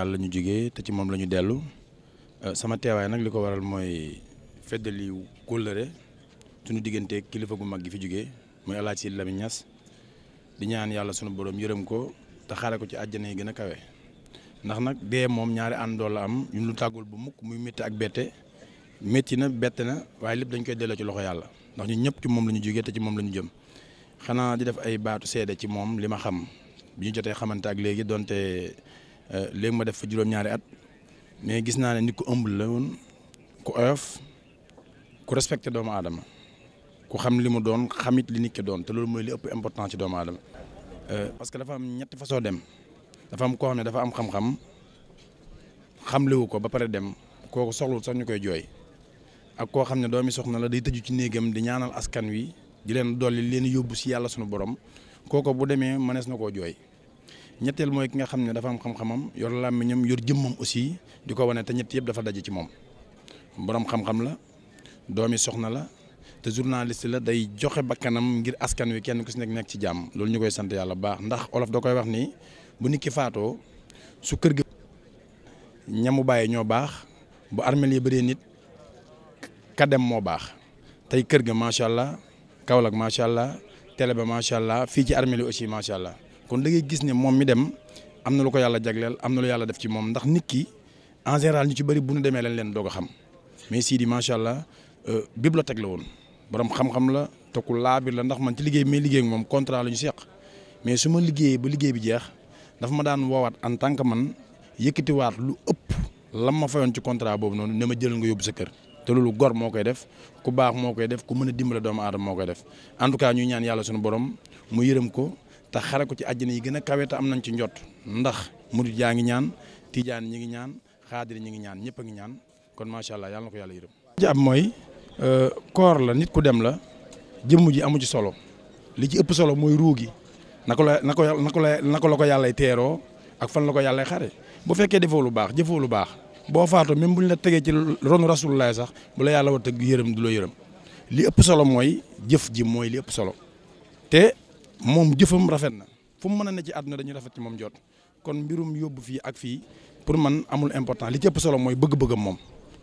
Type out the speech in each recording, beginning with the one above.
yàlla ñu jugee te ci moom la ñu dellu euh, sama teewaay nag li ko waral mooy feddali kóllëre suñu diggante kilifa gu mag gi fi jugee muy El Hadj Sidy Lamine Niass ñaan yàlla sunu borom yërëm ko te xaare ko ci àjjana yi gën ndax nag dee moom ñaari àndoo la lu tàggul bu mukk muy métti ak bette métti na bette na waaye lépp dañ koy delloo ci loxo yàlla ndax ci moom la ñu te ci moom la jëm xanaa di def ay baatu seede ci moom li ma xam bi ñu jotee xamante ak léegi donte Euh, léegi ma def fa juróom-ñaari at mais gis naa ne nit ku ëmb la ku oyof ku respecté doomu aadama ku xam li mu doon xamit li nit ki doon te loolu mooy li ëpp important ci doomu aadama euh, parce que dafa am ñetti façon dem dafa am koo xam ne dafa am xam-xam xamlewu ko ba pare dem kooku soxlul sax ñu koy jooy ak koo xam ne doomi soxna la day tëju ci néegam di ñaanal askan wi di leen dolli leen yóbbu si yàlla suñu borom kooku bu demee mënees na koo jooy. ñettel moy ki nga xamne dafa am xam-xamam yor ñam yor jëmmam aussi diko wone te ñett yeb dafa daje ci mom borom xam-xam la doomi soxna la te journaliste la day joxe bakkanam ngir askan wi kenn ku si nek nekk ci jamm loolu ñukoy sante yalla baax ndax olof da koy wax ni bu nit ki su kër gi ñamu baye ño baax bu yi nit ka dem mo baax tay kër ga macha allah Kaolack télé ba macha allah ci armeel yi aussi kon da ngay gis ne mom mi dem amna lu ko yalla jagleel amna lu yalla def ci mom ndax nit ki en général ñu ci bari bu ñu demee leen leen xam mais Sidi allah euh, bibliothèque la woon borom xam-xam la te ku la ndax man ci liggéey mais liggéey mom contrat lañu ñu mais suma liggéey bu liggéey bi jeex dafa ma daan en tant que man waat lu ëpp lam ma fayon ci contrat bobu non ne ma jël nga yobbu sa kër. te lolu gor mo koy def ku baax mo koy def ku mëna doom aadama koy def en tout cas ñuy ñaan yalla suñu borom mu yërem ko ta xare ko ci aljina yi gëna kawé ta am nañ ci njott ndax murid yaa ngi ñaan tidiane ñi ngi ñaan khadir ñi ngi ñaan ñepp ngi ñaan kon sha allah yalla nako yalla yërem yërëm. am euh, koor la nit ku dem la jëmm ji amu ci solo li ci ëpp solo mooy ruu gi naka la nako la nako la ko yalla téro ak fan la ko yalla xaré bu fekkee defo lu baax jëfo lu baax bo faatoo même buñ la ci ronu rasulullah sax bu la yalla yërem du lo yërem li ëpp solo moy jëf ji moy li ëpp solo te moom jëfam rafet na fu mu mën a ne ci àdduna dañuy rafet ci moom jot kon mbirum yóbbu fii ak fii pour man amul important li ci ëpp solo mooy bëgg-bëggam moom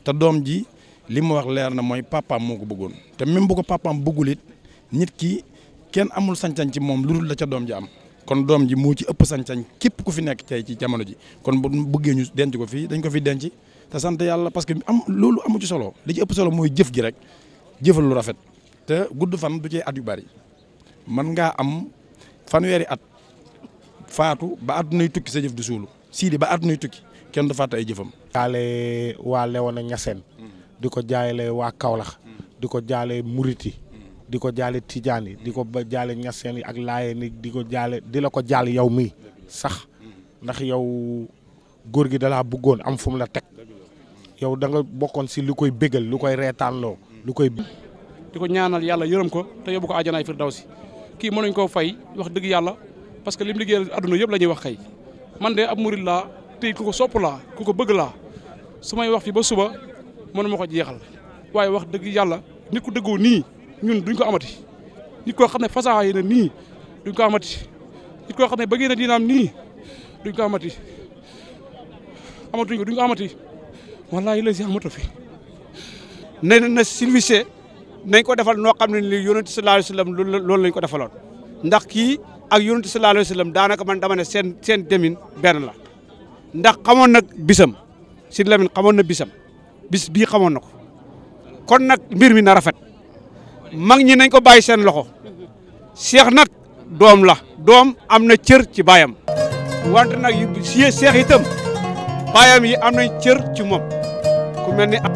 te doom ji li mu wax leer na mooy papaam moo ko bëggoon te même bu ko papaam nit ki kenn amul sañ ci moom lu la ca doom ji am kon doom ji moo ci ëpp sañ képp ku fi nekk tey ci jamono ji kon bu bëggee ñu denc ko fii dañ ko fi denc te sant yàlla parce que am loolu amu ci solo li ci ëpp solo mooy jëf gi rek jëfal lu rafet te gudd fan du ci at yu bari man ngaa am fanweeri at faatu ba àddunay tukki sa jëf du suulu siidi ba àddunay tukki kenn du fàtte ay jëfam. jaale waa Léona ñaseen mm. di ko jaale waa kawlax mm. di ko jaale Muriti mm. di ko jaale Tijaan yi di ko jaale Niassène yi ak Laayeen ni di ko jaale di la ko jaal yow mii sax ndax yow góor gi dalaa bëggoon am fu mu la teg yow danga bokkoon si lu koy béggal lu koy reetaanloo lu koy. di ko ñaanal yàlla yërëm ko te yóbbu ko àjjanaay si kii mënuñ ko fay wax dëgg yàlla parce que lim liggéeyal adduna yëpp la ñuy wax kay man de ab murid laa tey ku ko sopp laa ku ko bëgg laa su may wax fii ba suba mënu ma ko jeexal waaye wax dëgg yàlla ñu ko dëggoo nii ñun duñ ko amati nit koo xam ne fasaa yi na nii duñ ko amati nit koo xam ne bëggee na dinaam nii duñ ko amati amatuñ ko duñ ko amati wallaahi la si amatu fi. nee na na nañ ko defal noo xam ne ni yonent sallallahu alayhi wa loolu lañ ko defaloon ndax kii ak yonent sallallahu alayhi wa sallam daanaka man dama seen seen demin benn la ndax xamoon nag bisam si lamin xamoon na bisam bis bii xamoon na ko kon nag mbir mi na rafet mag ñi nañ ko bàyyi seen loxo seex nag doom la doom am na cër ci baayam wante nag si seex itam baayam yi am nañ cër ci moom ku mel ni